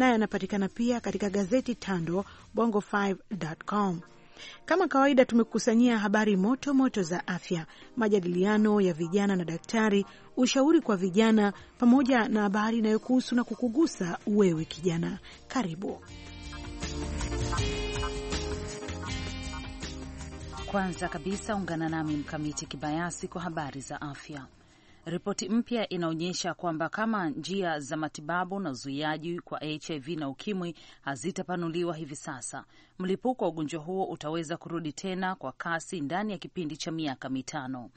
nayo yanapatikana pia katika gazeti Tando Bongo5.com. Kama kawaida, tumekusanyia habari moto moto za afya, majadiliano ya vijana na daktari, ushauri kwa vijana, pamoja na habari inayokuhusu na kukugusa wewe kijana. Karibu. Kwanza kabisa ungana nami Mkamiti Kibayasi kwa habari za afya. Ripoti mpya inaonyesha kwamba kama njia za matibabu na uzuiaji kwa HIV na ukimwi hazitapanuliwa hivi sasa, mlipuko wa ugonjwa huo utaweza kurudi tena kwa kasi ndani ya kipindi cha miaka mitano.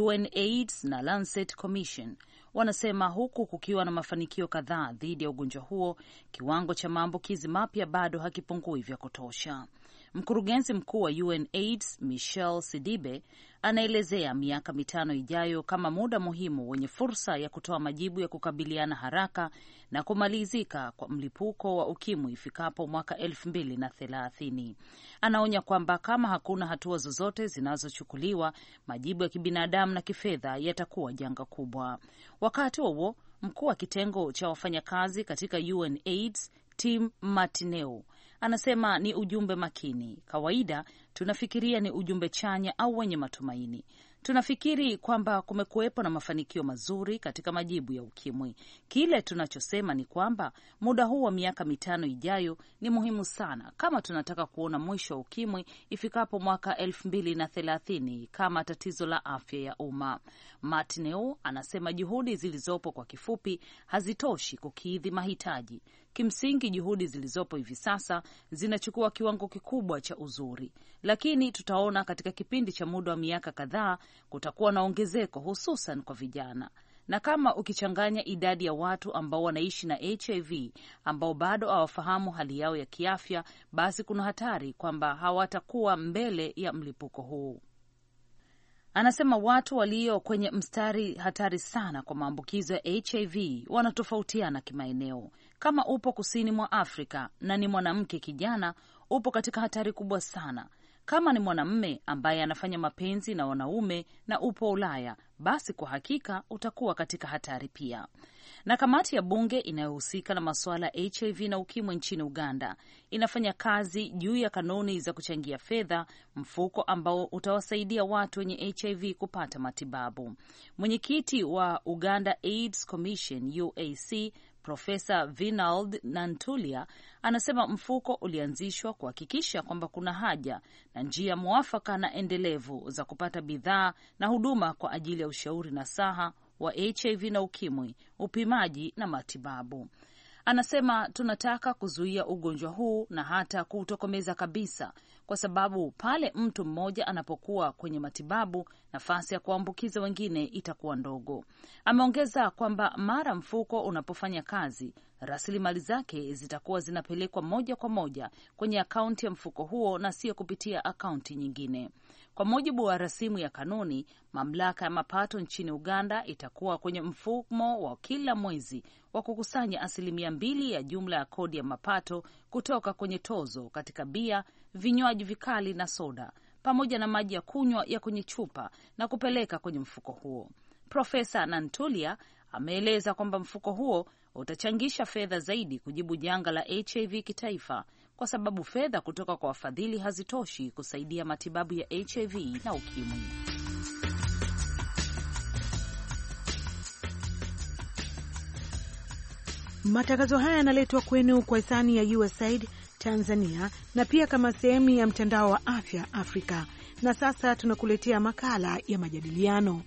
UNAIDS na Lancet Commission wanasema huku kukiwa na mafanikio kadhaa dhidi ya ugonjwa huo, kiwango cha maambukizi mapya bado hakipungui vya kutosha. Mkurugenzi mkuu wa UNAIDS Michelle Sidibe anaelezea miaka mitano ijayo kama muda muhimu wenye fursa ya kutoa majibu ya kukabiliana haraka na kumalizika kwa mlipuko wa ukimwi ifikapo mwaka elfu mbili na thelathini. Anaonya kwamba kama hakuna hatua zozote zinazochukuliwa, majibu ya kibinadamu na kifedha yatakuwa janga kubwa. Wakati huo mkuu wa kitengo cha wafanyakazi katika UNAIDS Tim Martineau Anasema ni ujumbe makini. Kawaida tunafikiria ni ujumbe chanya au wenye matumaini. Tunafikiri kwamba kumekuwepo na mafanikio mazuri katika majibu ya ukimwi. Kile tunachosema ni kwamba muda huu wa miaka mitano ijayo ni muhimu sana kama tunataka kuona mwisho wa ukimwi ifikapo mwaka elfu mbili na thelathini kama tatizo la afya ya umma. Martineau anasema juhudi zilizopo, kwa kifupi, hazitoshi kukidhi mahitaji. Kimsingi, juhudi zilizopo hivi sasa zinachukua kiwango kikubwa cha uzuri, lakini tutaona katika kipindi cha muda wa miaka kadhaa kutakuwa na ongezeko, hususan kwa vijana na kama ukichanganya idadi ya watu ambao wanaishi na HIV ambao bado hawafahamu hali yao ya kiafya, basi kuna hatari kwamba hawatakuwa mbele ya mlipuko huu. Anasema watu walio kwenye mstari hatari sana kwa maambukizo ya HIV wanatofautiana kimaeneo. Kama upo kusini mwa Afrika na ni mwanamke kijana, upo katika hatari kubwa sana. Kama ni mwanamme ambaye anafanya mapenzi na wanaume na upo Ulaya, basi kwa hakika utakuwa katika hatari pia. Na kamati ya bunge inayohusika na masuala ya HIV na ukimwi nchini Uganda inafanya kazi juu ya kanuni za kuchangia fedha, mfuko ambao utawasaidia watu wenye HIV kupata matibabu. Mwenyekiti wa Uganda AIDS Commission UAC Profesa Vinald Nantulia anasema mfuko ulianzishwa kuhakikisha kwamba kuna haja na njia mwafaka na endelevu za kupata bidhaa na huduma kwa ajili ya ushauri na saha wa HIV na ukimwi, upimaji na matibabu. Anasema tunataka kuzuia ugonjwa huu na hata kuutokomeza kabisa, kwa sababu pale mtu mmoja anapokuwa kwenye matibabu, nafasi ya kuambukiza wengine itakuwa ndogo. Ameongeza kwamba mara mfuko unapofanya kazi, rasilimali zake zitakuwa zinapelekwa moja kwa moja kwenye akaunti ya mfuko huo na sio kupitia akaunti nyingine. Kwa mujibu wa rasimu ya kanuni, mamlaka ya mapato nchini Uganda itakuwa kwenye mfumo wa kila mwezi wa kukusanya asilimia mbili ya jumla ya kodi ya mapato kutoka kwenye tozo katika bia vinywaji vikali na soda, pamoja na maji ya kunywa ya kwenye chupa na kupeleka kwenye mfuko huo. Profesa Nantulia ameeleza kwamba mfuko huo utachangisha fedha zaidi kujibu janga la HIV kitaifa kwa sababu fedha kutoka kwa wafadhili hazitoshi kusaidia matibabu ya HIV na ukimwi. Matangazo haya yanaletwa kwenu kwa hisani ya USAID Tanzania na pia kama sehemu ya mtandao wa afya Afrika. Na sasa tunakuletea makala ya majadiliano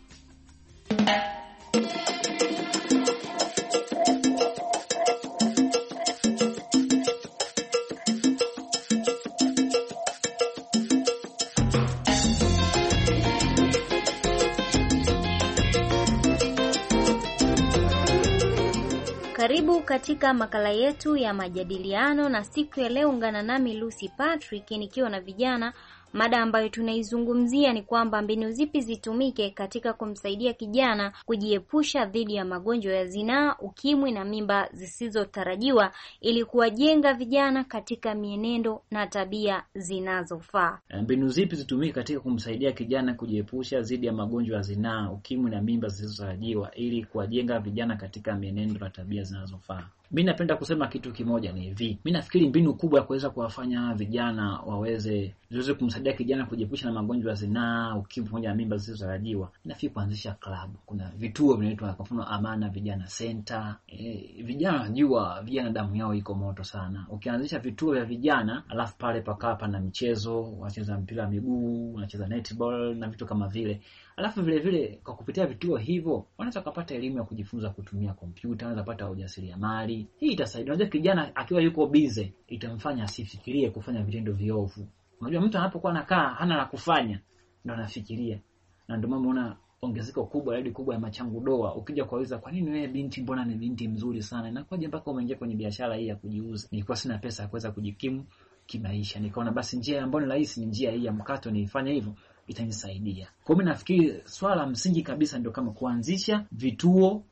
Karibu katika makala yetu ya majadiliano na siku ya leo ungana nami Lucy Patrick nikiwa na vijana Mada ambayo tunaizungumzia ni kwamba mbinu zipi zitumike katika kumsaidia kijana kujiepusha dhidi ya magonjwa ya zinaa, ukimwi na mimba zisizotarajiwa ili kuwajenga vijana katika mienendo na tabia zinazofaa. Eh, mbinu zipi zitumike katika kumsaidia kijana kujiepusha dhidi ya magonjwa ya zinaa, ukimwi na mimba zisizotarajiwa ili kuwajenga vijana katika mienendo na tabia zinazofaa? Mi napenda kusema kitu kimoja ni hivi, mi nafikiri mbinu kubwa ya kuweza kuwafanya vijana waweze ziweze kumsaidia kijana kujiepusha na magonjwa ya zinaa, ukimwi pamoja na mimba zisizotarajiwa, nafikiri kuanzisha klabu. Kuna vituo vinaitwa kwa mfano Amana Vijana Center. E, vijana najua vijana damu yao iko moto sana. Ukianzisha vituo vya vijana alafu pale pakaa pana michezo, wanacheza mpira wa miguu, wanacheza netball na vitu kama vile Alafu vile vile kwa kupitia vituo hivyo wanaweza kupata elimu ya kujifunza kutumia kompyuta, wanaweza kupata ujasiriamali. Hii itasaidia. Unajua, kijana akiwa yuko bize itamfanya asifikirie kufanya vitendo viovu. Unajua, mtu anapokuwa anakaa hana la kufanya ndo anafikiria, na ndio maana unaona ongezeko kubwa hadi kubwa ya machangu doa. Ukija kuwauliza, kwa nini wewe binti, mbona ni binti mzuri sana, inakuwaje mpaka umeingia kwenye biashara hii ya kujiuza? Nilikuwa sina pesa ya kuweza kujikimu kimaisha, nikaona basi njia ambayo ni rahisi ni njia hii ya mkato, niifanye hivyo itanisaidia. Kwa mimi nafikiri swala la msingi kabisa ndio kama kuanzisha vituo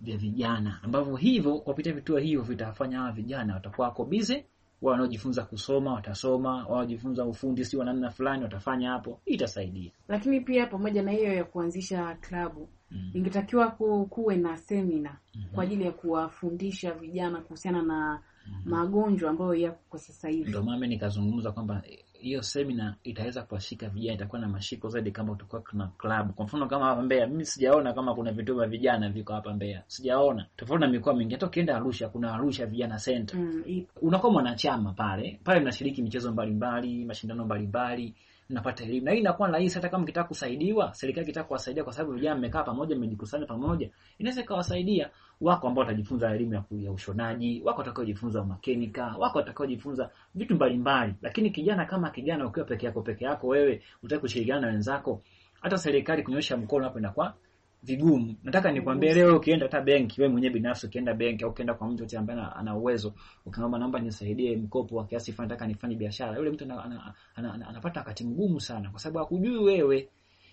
vya vijana ambavyo hivyo kupitia vituo hivyo vitafanya hawa vijana watakuwa wako busy wao wanaojifunza kusoma watasoma, wao wanaojifunza ufundi si wanamna fulani watafanya hapo, itasaidia. Lakini pia pamoja na hiyo ya kuanzisha klabu mm -hmm. ingetakiwa kuwe na semina mm -hmm. kwa ajili ya kuwafundisha vijana kuhusiana na mm -hmm. magonjwa ambayo yako kwa sasa hivi. Ndio maana nikazungumza kwamba eh, hiyo semina itaweza kuwashika vijana, itakuwa na mashiko zaidi kama utakuwa kuna club. Kwa mfano kama hapa Mbeya, mimi sijaona kama kuna vituo vya vijana viko hapa Mbeya, sijaona, tofauti na mikoa mingi. Hata ukienda Arusha kuna Arusha Vijana Center mm, unakuwa mwanachama pale pale, mnashiriki michezo mbalimbali, mashindano mbalimbali napata elimu na hii inakuwa rahisi. Hata kama kitaka kusaidiwa, serikali kitaka kuwasaidia, kwa sababu vijana mmekaa pamoja, mmejikusanya pamoja, inaweza ikawasaidia. Wako ambao watajifunza elimu ya ushonaji, wako watakaojifunza makanika, wako watakaojifunza vitu mbalimbali, lakini kijana kama kijana ukiwa peke yako peke yako wewe unataka kushirikiana na wenzako, hata serikali kunyosha mkono hapo inakuwa vigumu. Nataka nikwambie leo ukienda hata benki, wewe mwenyewe binafsi ukienda benki au ukienda kwa mtu yote ambaye ana uwezo, ukiomba naomba nisaidie mkopo wa kiasi fulani, nataka nifanye biashara, yule mtu anapata ana, ana, ana, ana, wakati mgumu sana, kwa sababu hakujui wewe.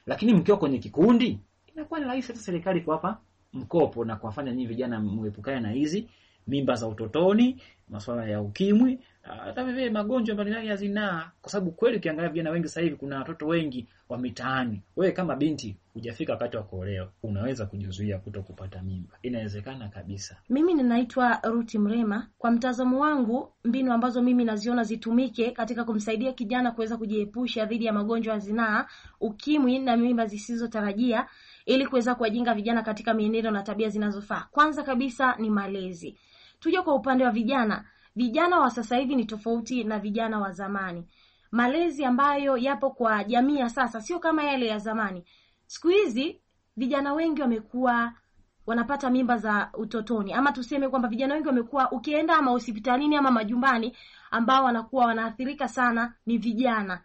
Lakini mkiwa kwenye kikundi inakuwa ni rahisi hata serikali kuwapa mkopo na kuwafanya nyinyi vijana mwepukane na hizi mimba za utotoni, masuala ya ukimwi hata vile magonjwa mbalimbali ya zinaa, kwa sababu kweli ukiangalia vijana wengi sasa hivi, kuna watoto wengi wa mitaani. Wewe kama binti hujafika wakati wa kuolewa, unaweza kujizuia kuto kupata mimba, inawezekana kabisa. Mimi ninaitwa Ruti Mrema. Kwa mtazamo wangu, mbinu ambazo mimi naziona zitumike katika kumsaidia kijana kuweza kujiepusha dhidi ya magonjwa ya zinaa, ukimwi na mimba zisizotarajia ili kuweza kuwajenga vijana katika mienendo na tabia zinazofaa, kwanza kabisa ni malezi. Tuje kwa upande wa vijana vijana wa sasa hivi ni tofauti na vijana wa zamani. Malezi ambayo yapo kwa jamii ya sasa sio kama yale ya zamani. Siku hizi vijana wengi wamekuwa wanapata mimba za utotoni, ama tuseme kwamba vijana wengi wamekuwa, ukienda ama hospitalini ama majumbani, ambao wanakuwa wanaathirika sana ni vijana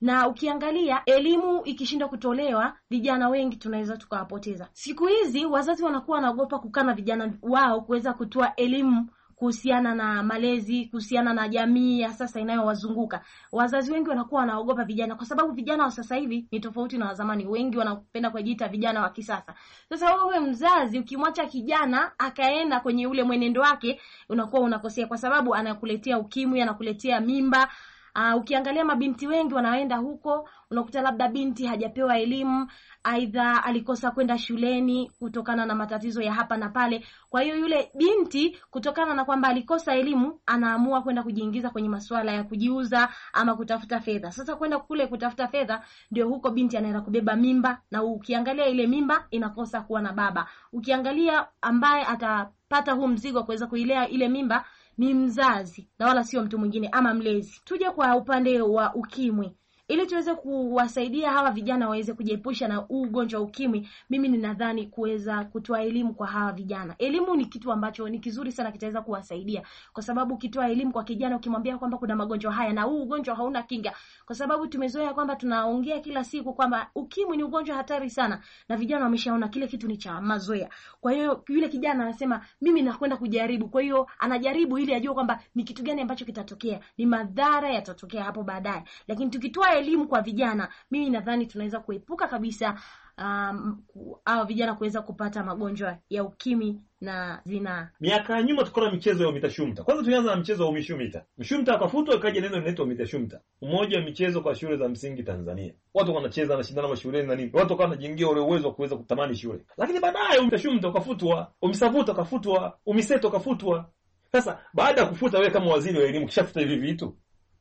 na ukiangalia elimu ikishindwa kutolewa, vijana wengi tunaweza tukawapoteza. Siku hizi wazazi wanakuwa wanaogopa kukaa na vijana wao kuweza kutoa elimu kuhusiana na malezi, kuhusiana na jamii ya sasa inayowazunguka. Wazazi wengi wanakuwa wanaogopa vijana, kwa sababu vijana wa sasa hivi ni tofauti na wazamani. Wengi wanapenda kujiita vijana wa kisasa. Sasa wewe mzazi, ukimwacha kijana akaenda kwenye ule mwenendo wake, unakuwa unakosea, kwa sababu anakuletea ukimwi, anakuletea mimba Uh, ukiangalia mabinti wengi wanaenda huko, unakuta labda binti hajapewa elimu, aidha alikosa kwenda shuleni kutokana na matatizo ya hapa na pale. Kwa hiyo yule binti kutokana na kwamba alikosa elimu, anaamua kwenda kujiingiza kwenye masuala ya kujiuza ama kutafuta fedha. Sasa kwenda kule kutafuta fedha, ndio huko binti anaenda kubeba mimba, na ukiangalia ile mimba inakosa kuwa na baba. Ukiangalia ambaye atapata huu mzigo wa kuweza kuilea ile mimba ni mzazi na wala sio mtu mwingine ama mlezi. Tuje kwa upande wa ukimwi ili tuweze kuwasaidia hawa vijana waweze kujiepusha na ugonjwa ukimwi, mimi ninadhani kuweza kutoa elimu kwa hawa vijana. Elimu ni kitu ambacho ni kizuri sana, kitaweza kuwasaidia kwa sababu ukitoa elimu kwa kijana, ukimwambia kwamba kuna magonjwa haya na huu ugonjwa hauna kinga, kwa sababu tumezoea kwamba tunaongea kila siku kwamba ukimwi ni ugonjwa hatari sana, na vijana wameshaona kile kitu ni cha mazoea. Kwa hiyo yule kijana anasema mimi nakwenda kujaribu, kwa hiyo anajaribu ili ajue kwamba ni kitu gani ambacho kitatokea, ni madhara yatatokea hapo baadaye, lakini tukitoa elimu kwa vijana, mimi nadhani tunaweza kuepuka kabisa um, awa vijana kuweza kupata magonjwa ya ukimwi na zinaa. Miaka ya nyuma tuko michezo ya umita shumta. Kwanza tulianza na mchezo wa UMISHUMITA. MSHUMTA akafutwa ikaja neno linaitwa umita shumta, umoja wa michezo kwa shule za msingi Tanzania. Watu wanacheza wanashindana mashuleni na nini, watu wakawa wanajengia ule uwezo wa kuweza kutamani shule, lakini baadaye umita shumta ukafutwa, UMISAVUTA ukafutwa, umiseto ukafutwa. Sasa baada ya kufuta, wewe kama waziri wa elimu, kishafuta hivi vitu,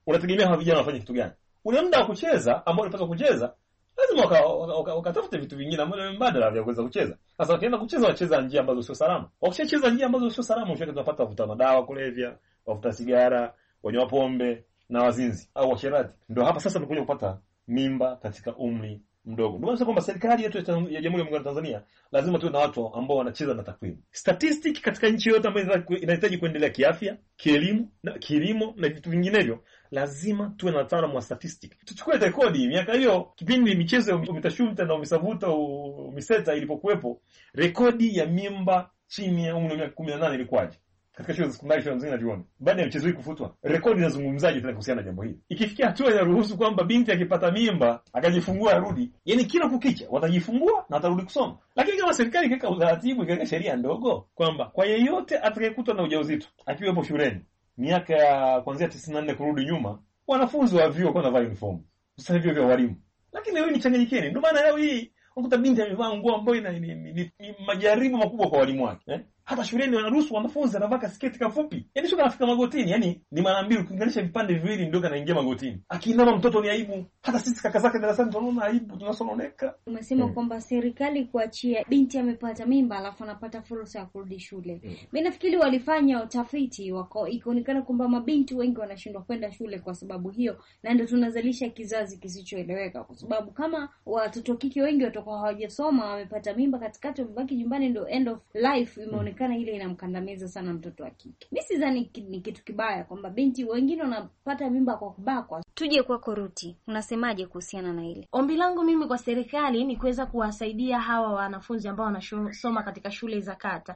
unategemea hawa vijana wafanye kitu gani? ule muda wa kucheza ambao unataka kucheza lazima wakatafute vitu vingine ambavyo mbadala vya kuweza kucheza. Sasa wakienda kucheza, wacheza njia ambazo sio salama. Wakishacheza njia ambazo sio salama, ushaka tunapata wavuta madawa kulevya, wavuta sigara, wanywa pombe na wazinzi au washerati. Ndio hapa sasa tunakuja kupata mimba katika umri mdogo. Ndio maana kwamba serikali yetu ya Jamhuri ya Muungano wa Tanzania lazima tuwe na watu ambao wanacheza na takwimu. Statistics katika nchi yoyote ambayo inahitaji kuendelea kiafya, kielimu na kilimo na vitu vinginevyo, lazima tuwe na wataalamu wa statistics. Tuchukue rekodi miaka hiyo, kipindi michezo umitashumta na umisavuta umiseta ilipokuwepo, rekodi ya mimba chini ya umri wa miaka 18 ilikuwaje? katika shule za sekondari, shule msingi na vyuoni. Baada ya mchezo hii kufutwa, rekodi inazungumzaje tena kuhusiana na jambo hili? Ikifikia hatua inaruhusu kwamba binti akipata mimba akajifungua arudi, yani kila kukicha watajifungua na watarudi kusoma. Lakini kama serikali ikaweka utaratibu, ikaweka sheria ndogo kwamba kwa yeyote atakayekutwa na ujauzito akiwepo shuleni miaka ya kuanzia tisini na nne kurudi nyuma, wanafunzi wa vyuo wanavaa uniform, sasa hivyo vya walimu. Lakini leo changanyikeni, ndio maana leo hii unakuta binti amevaa nguo ambayo ni majaribu makubwa kwa walimu wake eh? hata shuleni wanaruhusu wanafunzi anavaa kasketi kafupi, yani shuka anafika magotini, yani ni mara mbili. Ukiunganisha vipande viwili ndio kanaingia magotini. Akiinama mtoto ni aibu, hata sisi kaka zake darasani tunaona aibu, tunasononeka. Umesema hmm, kwamba serikali kuachia binti amepata mimba alafu anapata fursa ya kurudi shule mm. Mi nafikiri walifanya utafiti wako, ikionekana kwamba mabinti wengi wanashindwa kwenda shule kwa sababu hiyo, na ndio tunazalisha kizazi kisichoeleweka, kwa sababu kama watoto kike wengi watakuwa hawajasoma, wamepata mimba katikati, wamebaki nyumbani, ndio end of life imeonekana inaonekana ile inamkandamiza sana mtoto wa kike. Mi sidhani ni kitu kibaya kwamba binti wengine wanapata mimba kwa kubakwa. Tuje kwako Ruti, unasemaje kuhusiana na ile ombi langu? Mimi kwa serikali ni kuweza kuwasaidia hawa wanafunzi ambao wanasoma katika shule za kata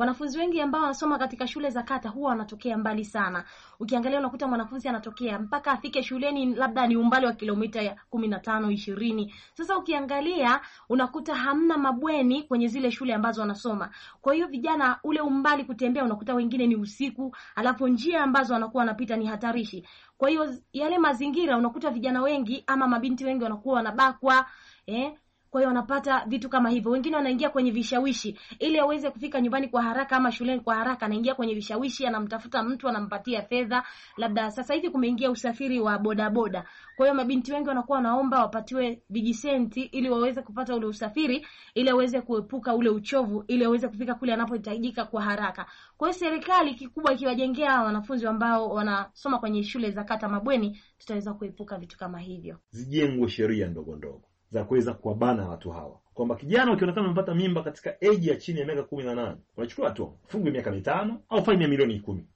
Wanafunzi wengi ambao wanasoma katika shule za kata huwa wanatokea mbali sana. Ukiangalia unakuta mwanafunzi anatokea mpaka afike shuleni labda ni umbali wa kilomita kumi na tano ishirini. Sasa ukiangalia unakuta hamna mabweni kwenye zile shule ambazo wanasoma. Kwa hiyo vijana, ule umbali kutembea, unakuta wengine ni usiku, alafu njia ambazo wanakuwa wanapita ni hatarishi. Kwa hiyo yale mazingira unakuta vijana wengi ama mabinti wengi wanakuwa wanabakwa eh, kwa hiyo wanapata vitu kama hivyo. Wengine wanaingia kwenye vishawishi ili aweze kufika nyumbani kwa haraka ama shuleni kwa haraka, anaingia kwenye vishawishi, anamtafuta mtu, anampatia fedha. Labda sasa hivi kumeingia usafiri wa bodaboda, kwa hiyo mabinti wengi wanakuwa wanaomba wapatiwe vijisenti ili waweze kupata ule usafiri, ili aweze kuepuka ule uchovu, ili aweze kufika kule anapohitajika kwa haraka. Kwa hiyo serikali kikubwa ikiwajengea wanafunzi ambao wanasoma kwenye shule za kata mabweni, tutaweza kuepuka vitu kama hivyo. Zijengwe sheria ndogo ndogo za kuweza kuwabana watu hawa, kwamba kijana ukionekana umepata mimba katika eji ya chini ya miaka kumi na nane unachukua hatua, fungwe miaka mitano au faini ya milioni kumi.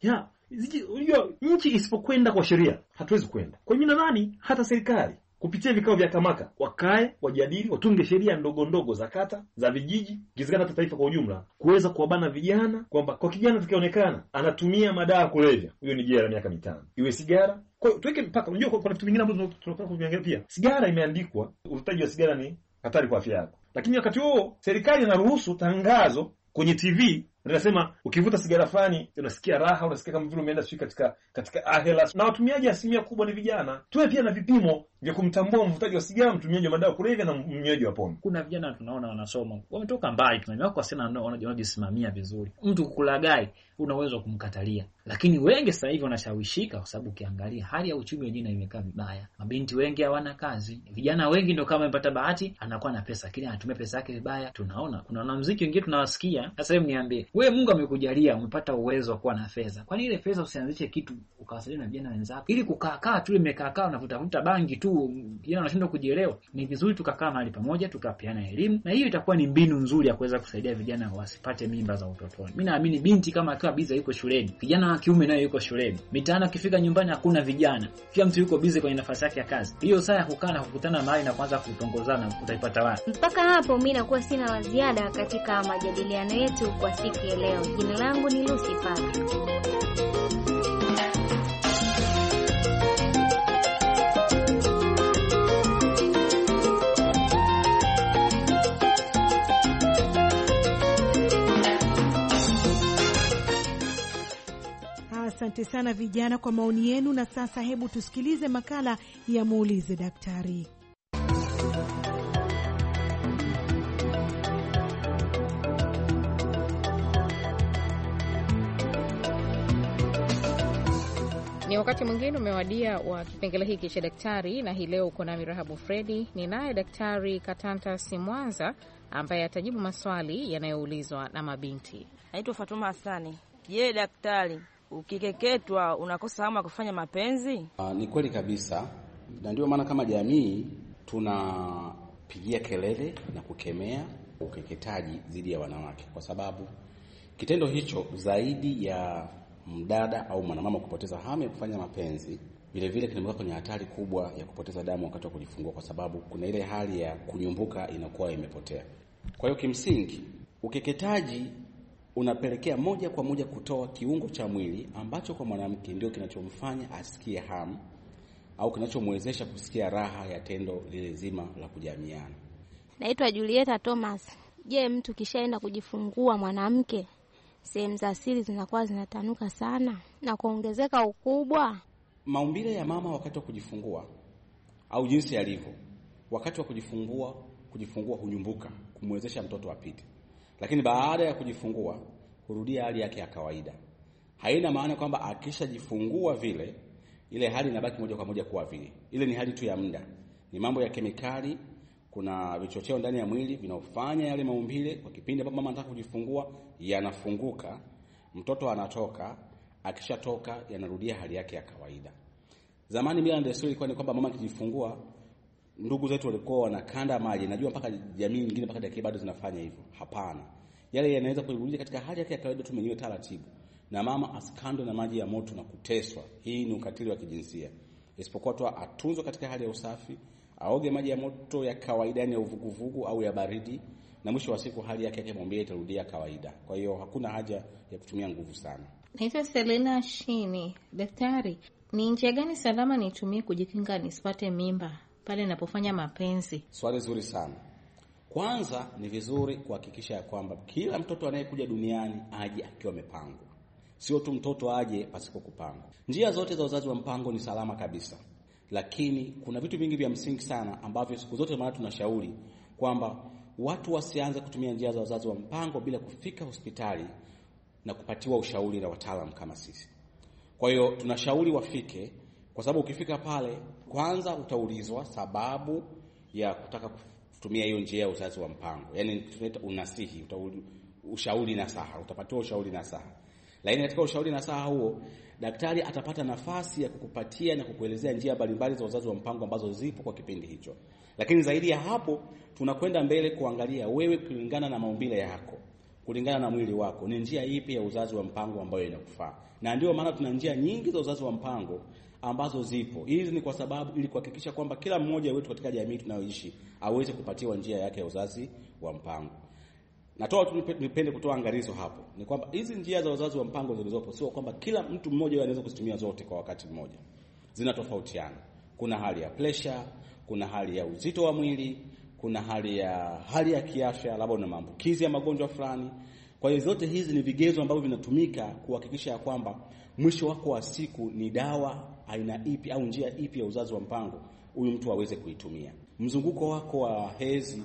Unajua, nchi isipokwenda kwa sheria hatuwezi kwenda. Kwa hiyo mi nadhani hata serikali kupitia vikao vya kamaka wakae wajadili, watunge sheria ndogo ndogo za kata za vijiji, kizikana hata taifa kwa ujumla, kuweza kuwabana vijana, kwamba kwa kijana tukionekana anatumia madawa kulevya, huyo ni jela miaka mitano, iwe sigara kwa tuweke mpaka. Unajua, kuna vitu vingine ambavyo tunataka kuviangalia pia. Sigara imeandikwa, uvutaji wa sigara ni hatari kwa afya yako, lakini wakati huo serikali inaruhusu tangazo kwenye TV Anasema ukivuta sigara fani unasikia raha, unasikia kama vile umeenda sijui katika katika ahela. Na watumiaji asilimia kubwa ni vijana. Tuwe pia na vipimo vya kumtambua mvutaji wa sigara, mtumiaji wa madawa kulevya na mnywaji wa pombe. Kuna vijana tunaona wanasoma, wametoka mbali, tunawako sana, wanajisimamia vizuri. Mtu kulagai unaweza kumkatalia, lakini wengi sasa hivi wanashawishika, kwa sababu ukiangalia hali ya uchumi wenyewe imekaa vibaya, mabinti wengi hawana kazi, vijana wengi ndio kama amepata bahati anakuwa na pesa, lakini anatumia pesa yake vibaya. Tunaona kuna wanamuziki wengine tunawasikia. Sasa hebu niambie wewe Mungu amekujalia umepata uwezo wa kuwa na fedha. Kwani ile fedha usianzishe kitu ukawasiliana na vijana wenzako ili kukaa kaa tu imekaa kaa na bangi tu, kijana anashindwa kujielewa. Ni vizuri tukakaa mahali pamoja tukapeana elimu, na hiyo itakuwa ni mbinu nzuri ya kuweza kusaidia vijana wasipate mimba za utotoni. Mimi naamini binti kama akiwa biza yuko shuleni, kijana wa kiume nayo yuko shuleni, mitaani akifika nyumbani hakuna vijana, kila mtu yuko bize kwenye nafasi yake ya kazi. Hiyo saa ya kukaa na kukutana mahali na kuanza kutongozana utaipata wapi? Mpaka hapo mimi nakuwa sina la ziada katika majadiliano yetu kwa siku ya leo. Jina langu ni Lucy Park. Asante sana vijana kwa maoni yenu, na sasa hebu tusikilize makala ya muulize daktari. Ni wakati mwingine umewadia wa kipengele hiki cha daktari, na hii leo uko nami Rahabu Fredi, ninaye Daktari Katanta Simwanza ambaye atajibu maswali yanayoulizwa na mabinti. Naitwa Fatuma Hasani. Je, daktari, ukikeketwa unakosa hamu ya kufanya mapenzi? Uh, ni kweli kabisa, na ndio maana kama jamii tunapigia kelele na kukemea ukeketaji dhidi ya wanawake, kwa sababu kitendo hicho zaidi ya mdada au mwanamama kupoteza hamu ya kufanya mapenzi. Vile vile kinamweka kwenye hatari kubwa ya kupoteza damu wakati wa kujifungua, kwa sababu kuna ile hali ya kunyumbuka inakuwa imepotea. Kwa hiyo kimsingi, ukeketaji unapelekea moja kwa moja kutoa kiungo cha mwili ambacho kwa mwanamke ndio kinachomfanya asikie hamu au kinachomwezesha kusikia raha ya tendo lile zima la kujamiana. Naitwa Julieta Thomas. Je, mtu kishaenda kujifungua mwanamke sehemu za siri zinakuwa zinatanuka sana na kuongezeka ukubwa. Maumbile ya mama wakati wa kujifungua au jinsi yalivyo wakati wa kujifungua, kujifungua hunyumbuka kumwezesha mtoto apite, lakini baada ya kujifungua hurudia hali yake ya kawaida. Haina maana kwamba akishajifungua vile ile hali inabaki moja kwa moja kuwa vile. Ile ni hali tu ya muda, ni mambo ya kemikali kuna vichocheo ndani ya mwili vinaofanya yale maumbile, kwa kipindi ambapo mama anataka kujifungua, yanafunguka, mtoto anatoka, akishatoka yanarudia hali yake ya kawaida. Zamani mila na desturi ilikuwa ni kwamba mama akijifungua, ndugu zetu walikuwa wanakanda maji. Najua mpaka jamii nyingine mpaka dakika bado zinafanya hivyo. Hapana, yale yanaweza kurudia katika hali yake ya kawaida tu mwenyewe taratibu, na mama asikandwe na maji ya moto na kuteswa. Hii ni ukatili wa kijinsia, isipokuwa tu atunzwe katika hali ya usafi aoge maji ya moto ya kawaida, yani ya uvuguvugu au ya baridi, na mwisho wa siku hali yake ya kimwambia itarudia kawaida. Kwa hiyo hakuna haja ya kutumia nguvu sana. Naitwa Selena Shini. Daktari, ni njia gani salama nitumie kujikinga nisipate mimba pale ninapofanya mapenzi? Swali zuri sana. Kwanza ni vizuri kuhakikisha ya kwamba kila mtoto anayekuja duniani aje akiwa amepangwa, sio tu mtoto aje pasipo kupangwa. Njia zote za uzazi wa mpango ni salama kabisa lakini kuna vitu vingi vya msingi sana ambavyo siku zote maana tunashauri kwamba watu wasianze kutumia njia za uzazi wa mpango bila kufika hospitali na kupatiwa ushauri na wataalam kama sisi. Kwa hiyo tunashauri wafike, kwa sababu ukifika pale kwanza utaulizwa sababu ya kutaka kutumia hiyo njia ya uzazi wa mpango, yaani tunaita unasihi, uta ushauri saha utapatiwa ushauri saha lakini katika ushauri na saha huo, daktari atapata nafasi ya kukupatia na kukuelezea njia mbalimbali za uzazi wa mpango ambazo zipo kwa kipindi hicho. Lakini zaidi ya hapo, tunakwenda mbele kuangalia wewe, kulingana na maumbile yako, kulingana na mwili wako, ni njia ipi ya uzazi wa mpango ambayo inakufaa. Na ndio maana tuna njia nyingi za uzazi wa mpango ambazo zipo. Hizi ni kwa sababu ili kuhakikisha kwamba kila mmoja wetu katika jamii tunayoishi aweze kupatiwa njia yake ya uzazi wa mpango. Natoa tu nipende kutoa angalizo hapo, ni kwamba hizi njia za uzazi wa mpango zilizopo sio kwamba kila mtu mmoja anaweza kuzitumia zote kwa wakati mmoja, zinatofautiana. Kuna hali ya pressure, kuna hali ya uzito wa mwili, kuna hali ya hali ya kiafya, labda una maambukizi ya magonjwa fulani. Kwa hiyo zote hizi ni vigezo ambavyo vinatumika kuhakikisha ya kwamba mwisho wako wa siku ni dawa aina ipi au njia ipi ya uzazi wa mpango huyu mtu aweze kuitumia. Mzunguko wako wa hezi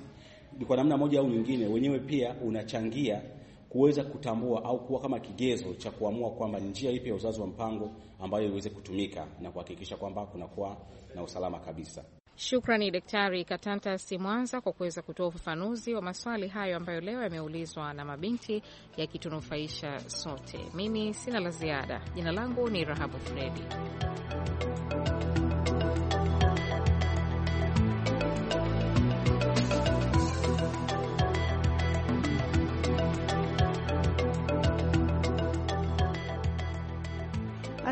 kwa namna moja au nyingine, wenyewe pia unachangia kuweza kutambua au kuwa kama kigezo cha kuamua kwamba ni njia ipi ya uzazi wa mpango ambayo iweze kutumika na kuhakikisha kwamba kunakuwa na usalama kabisa. Shukrani Daktari Katanta Simwanza kwa kuweza kutoa ufafanuzi wa maswali hayo ambayo leo yameulizwa na mabinti, yakitunufaisha sote. Mimi sina la ziada. Jina langu ni Rahabu Fredi.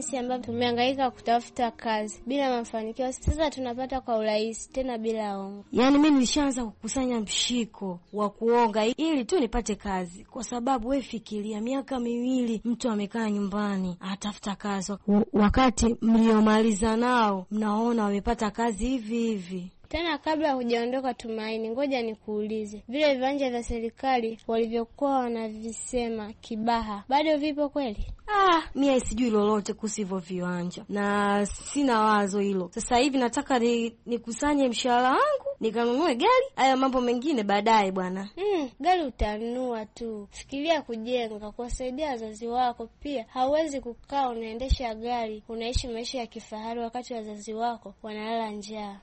jinsi ambavyo tumehangaika kutafuta kazi bila mafanikio, sasa tunapata kwa urahisi tena bila ongo. Yaani mi nilishaanza kukusanya mshiko wa kuonga ili tu nipate kazi, kwa sababu we fikiria, miaka miwili mtu amekaa nyumbani atafuta kazi, wakati mliomaliza nao mnaona wamepata kazi hivi hivi. Tena kabla hujaondoka, Tumaini, ngoja nikuulize, vile viwanja vya serikali walivyokuwa wanavisema Kibaha bado vipo kweli? Ah, mie sijui lolote kuhusu hivyo viwanja na sina wazo hilo. Sasa hivi nataka ni, nikusanye mshahara wangu nikanunue gari, haya mambo mengine baadaye bwana. Mm, gari utanunua tu, fikiria kujenga, kuwasaidia wazazi wako pia. Hauwezi kukaa unaendesha gari unaishi maisha ya kifahari wakati wazazi wako wanalala njaa.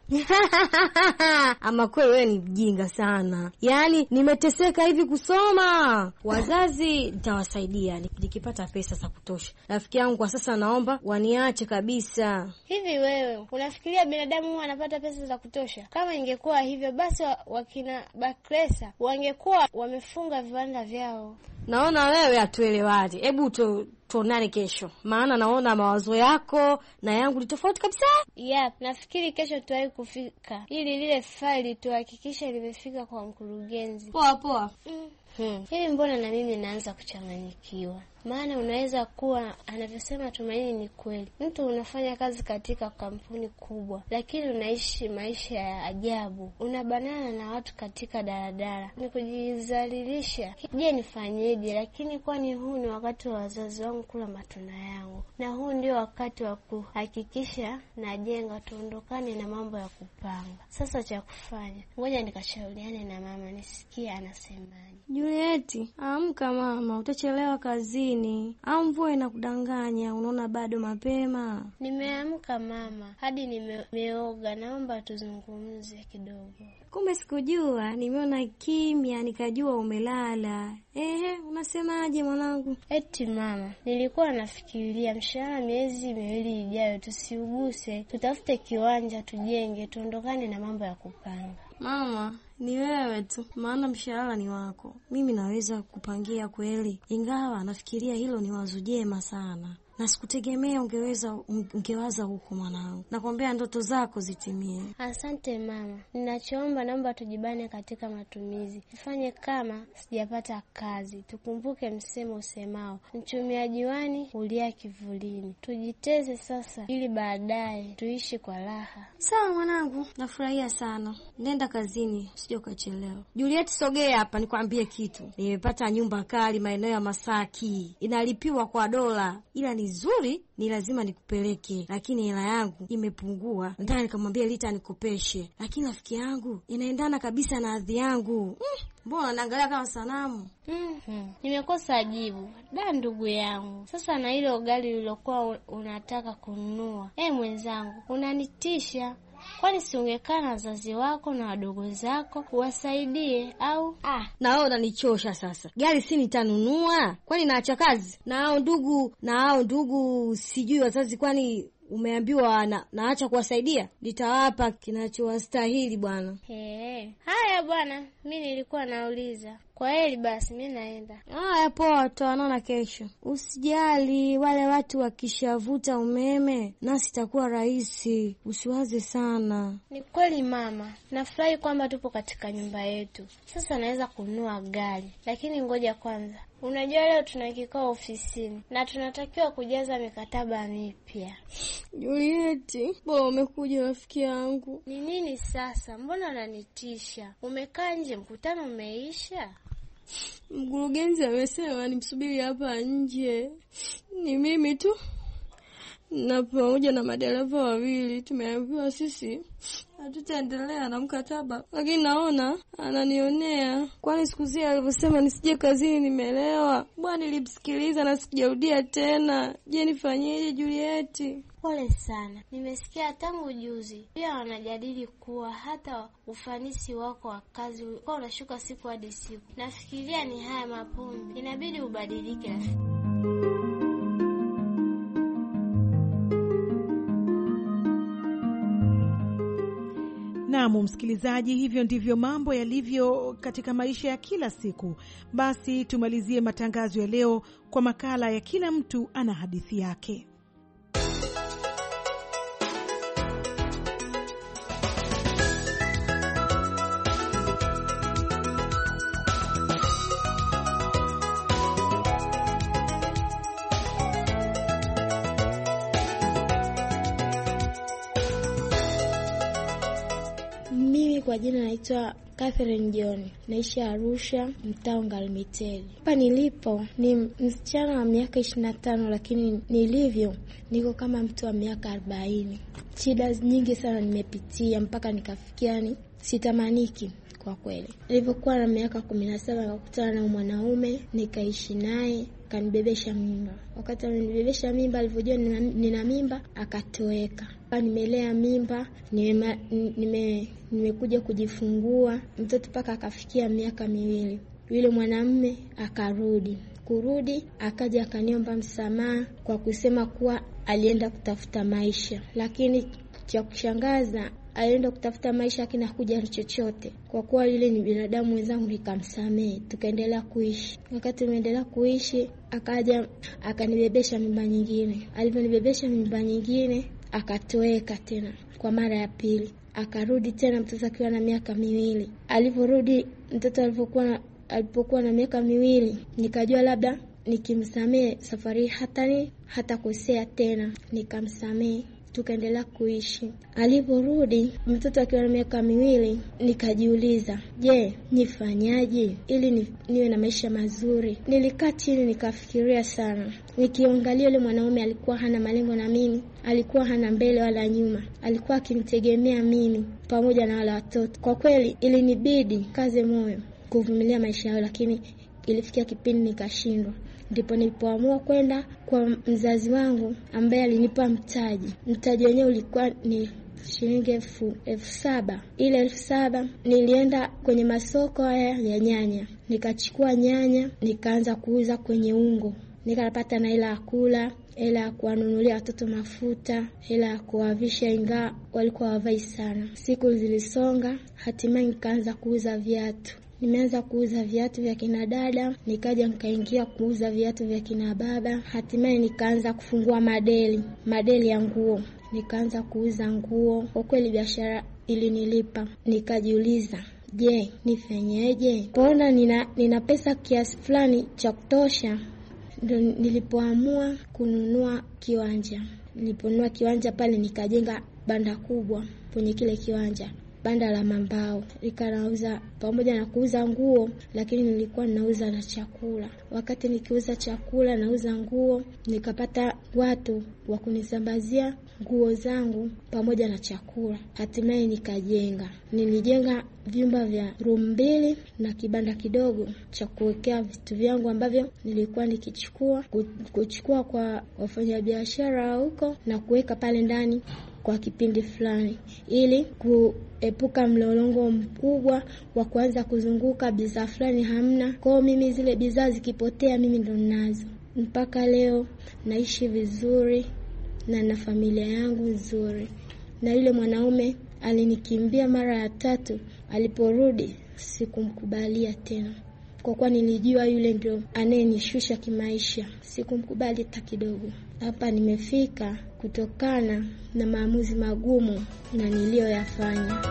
Ama kweli wewe ni mjinga sana, yaani nimeteseka hivi kusoma. Wazazi nitawasaidia nikipata pesa sasa kutosha. Rafiki yangu kwa sasa, naomba waniache kabisa. Hivi wewe unafikiria binadamu huwa anapata pesa za kutosha? Kama ingekuwa hivyo basi wakina Bakresa wangekuwa wamefunga viwanda vyao. Naona wewe hatuelewani, hebu tu tuonane kesho, maana naona mawazo yako na yangu ni tofauti kabisa. Yep, nafikiri kesho tuwahi kufika ili lile faili tuhakikishe limefika kwa mkurugenzi. Poa poa. Mm. Hmm. Hivi mbona na mimi naanza kuchanganyikiwa? maana unaweza kuwa, anavyosema Tumaini, ni kweli, mtu unafanya kazi katika kampuni kubwa, lakini unaishi maisha ya ajabu, unabanana na watu katika daladala, ni kujizalilisha. Je, nifanyeje? Lakini kwani huu ni wakati wa wazazi wangu kula matunda yangu, na huu ndio wakati wa kuhakikisha najenga, tuondokane na mambo ya kupanga. Sasa cha kufanya, ngoja nikashauriane na mama nisikie anasemaje. Julieti, amka mama, utachelewa kazini nini? Au mvua inakudanganya? Unaona bado mapema. Nimeamka mama, hadi nimeoga, naomba tuzungumze kidogo. Kumbe sikujua, nimeona kimya nikajua umelala. Ehe, unasemaje mwanangu? Eti mama, nilikuwa nafikiria mshahara miezi miwili ijayo, tusiuguse, tutafute kiwanja, tujenge, tuondokane na mambo ya kupanga. Mama, ni wewe tu, maana mshahara ni wako. Mimi naweza kupangia kweli, ingawa nafikiria hilo ni wazo jema sana na sikutegemea ungeweza ungewaza huko mwanangu. Nakwambia ndoto zako zitimie. Asante mama, ninachoomba naomba tujibane katika matumizi, tufanye kama sijapata kazi. Tukumbuke msemo usemao mchumia juani hulia kivulini. Tujiteze sasa, ili baadaye tuishi kwa raha. Sawa mwanangu, nafurahia sana. Nenda kazini, usije ukachelewa. Juliet, sogea hapa nikwambie kitu. Nimepata nyumba kali maeneo ya Masaki, inalipiwa kwa dola, ila ni vizuri, ni lazima nikupeleke, lakini hela yangu imepungua, nataka nikamwambia Lita nikopeshe, lakini rafiki yangu inaendana kabisa na adhi yangu. Mm, mbona mm, naangalia kama sanamu mm -hmm. Nimekosa jibu da, ndugu yangu. Sasa na ile ugali lilokuwa unataka kununua, e, mwenzangu unanitisha Kwani si na wazazi wako na wadogo zako uwasaidie au? Ah, na wao unanichosha sasa. Gari si nitanunua? Kwani naacha kazi na hao ndugu na hao ndugu sijui wazazi, kwani umeambiwa na, naacha kuwasaidia? Nitawapa kinachowastahili bwana. Hey, haya bwana, mi nilikuwa nauliza kwa heri basi, mi naenda. Haya, ah, poa, tutaonana kesho. Usijali, wale watu wakishavuta umeme nasi itakuwa rahisi, usiwaze sana. Ni kweli mama, nafurahi kwamba tupo katika nyumba yetu sasa. Naweza kununua gari, lakini ngoja kwanza. Unajua, leo tuna kikao ofisini na tunatakiwa kujaza mikataba mipya. Julieti, bo, umekuja rafiki yangu. Ni nini sasa? Mbona unanitisha? Umekaa nje, mkutano umeisha. Mkurugenzi amesema nimsubiri hapa nje. Ni mimi tu na pamoja na madereva wawili. Tumeambiwa sisi hatutaendelea na mkataba, lakini naona ananionea, kwani siku zile alivyosema nisije kazini nimeelewa. Bwana, nilimsikiliza na sikujarudia tena. Je, nifanyeje Julieti? Pole sana, nimesikia tangu juzi. Pia wanajadili kuwa hata ufanisi wako wa kazi uko unashuka siku hadi siku. Nafikiria ni haya mapumzi, inabidi ubadilike Naam, msikilizaji, hivyo ndivyo mambo yalivyo katika maisha ya kila siku. Basi tumalizie matangazo ya leo kwa makala ya kila mtu ana hadithi yake. Naitwa Catherine John, naishi Arusha, mtaa Ngalmiteli. Hapa nilipo ni msichana wa miaka ishirini na tano, lakini nilivyo niko kama mtu wa miaka arobaini. Shida nyingi sana nimepitia mpaka nikafikia ni sitamaniki kwa kweli. Nilivyokuwa na miaka kumi na saba nikakutana na mwanaume nikaishi naye kanibebesha mimba. Wakati amenibebesha mimba, alivyojua nina, nina mimba akatoweka. Nimelea mimba nime, nime, nimekuja kujifungua mtoto mpaka akafikia miaka miwili. Yule mwanamume akarudi, kurudi akaja akaniomba msamaha kwa kusema kuwa alienda kutafuta maisha, lakini cha kushangaza alienda kutafuta maisha yake na kuja chochote, kwa kuwa yule ni binadamu wenzangu, nikamsamehe, tukaendelea kuishi. Wakati tumeendelea kuishi, akaja akanibebesha mimba nyingine. Alivyonibebesha mimba nyingine, akatoweka tena kwa mara ya pili, akarudi tena mtoto akiwa na miaka miwili. Alivyorudi mtoto alivyokuwa alipokuwa na miaka miwili, nikajua labda nikimsamehe safari hatani hatakosea tena, nikamsamehe tukaendelea kuishi. Aliporudi mtoto akiwa na miaka miwili, nikajiuliza, je, nifanyaje ili ni, niwe na maisha mazuri? Nilikaa chini nikafikiria sana, nikiangalia yule mwanaume alikuwa hana malengo na mimi, alikuwa hana mbele wala nyuma, alikuwa akinitegemea mimi pamoja na wale watoto. Kwa kweli, ilinibidi kaze moyo kuvumilia maisha yao, lakini ilifikia kipindi nikashindwa ndipo nilipoamua kwenda kwa mzazi wangu ambaye alinipa mtaji. Mtaji wenyewe ulikuwa ni shilingi elfu elfu saba. Ile elfu saba nilienda kwenye masoko haya ya nyanya, nikachukua nyanya nikaanza kuuza kwenye ungo, nikapata na hela ya kula, hela ya kuwanunulia watoto mafuta, hela ya kuwavisha, ingawa walikuwa wavai sana. Siku zilisonga, hatimaye nikaanza kuuza viatu. Nimeanza kuuza viatu vya kina dada, nikaja nikaingia kuuza viatu vya kina baba, hatimaye nikaanza kufungua madeli, madeli ya nguo, nikaanza kuuza nguo. Kwa kweli biashara ilinilipa, nikajiuliza Je, nifanyeje? Mbona nina, nina pesa kiasi fulani cha kutosha. Ndo nilipoamua kununua kiwanja. Niliponunua kiwanja pale, nikajenga banda kubwa kwenye kile kiwanja banda la mambao, nilikuwa nauza pamoja na kuuza nguo, lakini nilikuwa ninauza na chakula. Wakati nikiuza chakula, nauza nguo, nikapata watu wa kunisambazia nguo zangu pamoja na chakula. Hatimaye nikajenga, nilijenga vyumba vya room mbili na kibanda kidogo cha kuwekea vitu vyangu ambavyo nilikuwa nikichukua kuchukua kwa wafanyabiashara huko na kuweka pale ndani kwa kipindi fulani ili kuepuka mlolongo mkubwa wa kuanza kuzunguka bidhaa fulani hamna. Kwao mimi zile bidhaa zikipotea, mimi ndo ninazo mpaka leo. Naishi vizuri na na familia yangu nzuri, na yule mwanaume alinikimbia mara ya tatu, aliporudi sikumkubalia tena kwa kuwa nilijua yule ndio anayenishusha kimaisha. Sikumkubali hata kidogo. Hapa nimefika kutokana na maamuzi magumu na niliyoyafanya.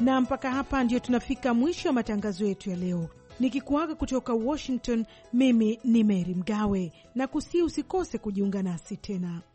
Na mpaka hapa ndiyo tunafika mwisho wa matangazo yetu ya leo, nikikuaga kutoka Washington. Mimi ni Meri Mgawe na kusii, usikose kujiunga nasi tena.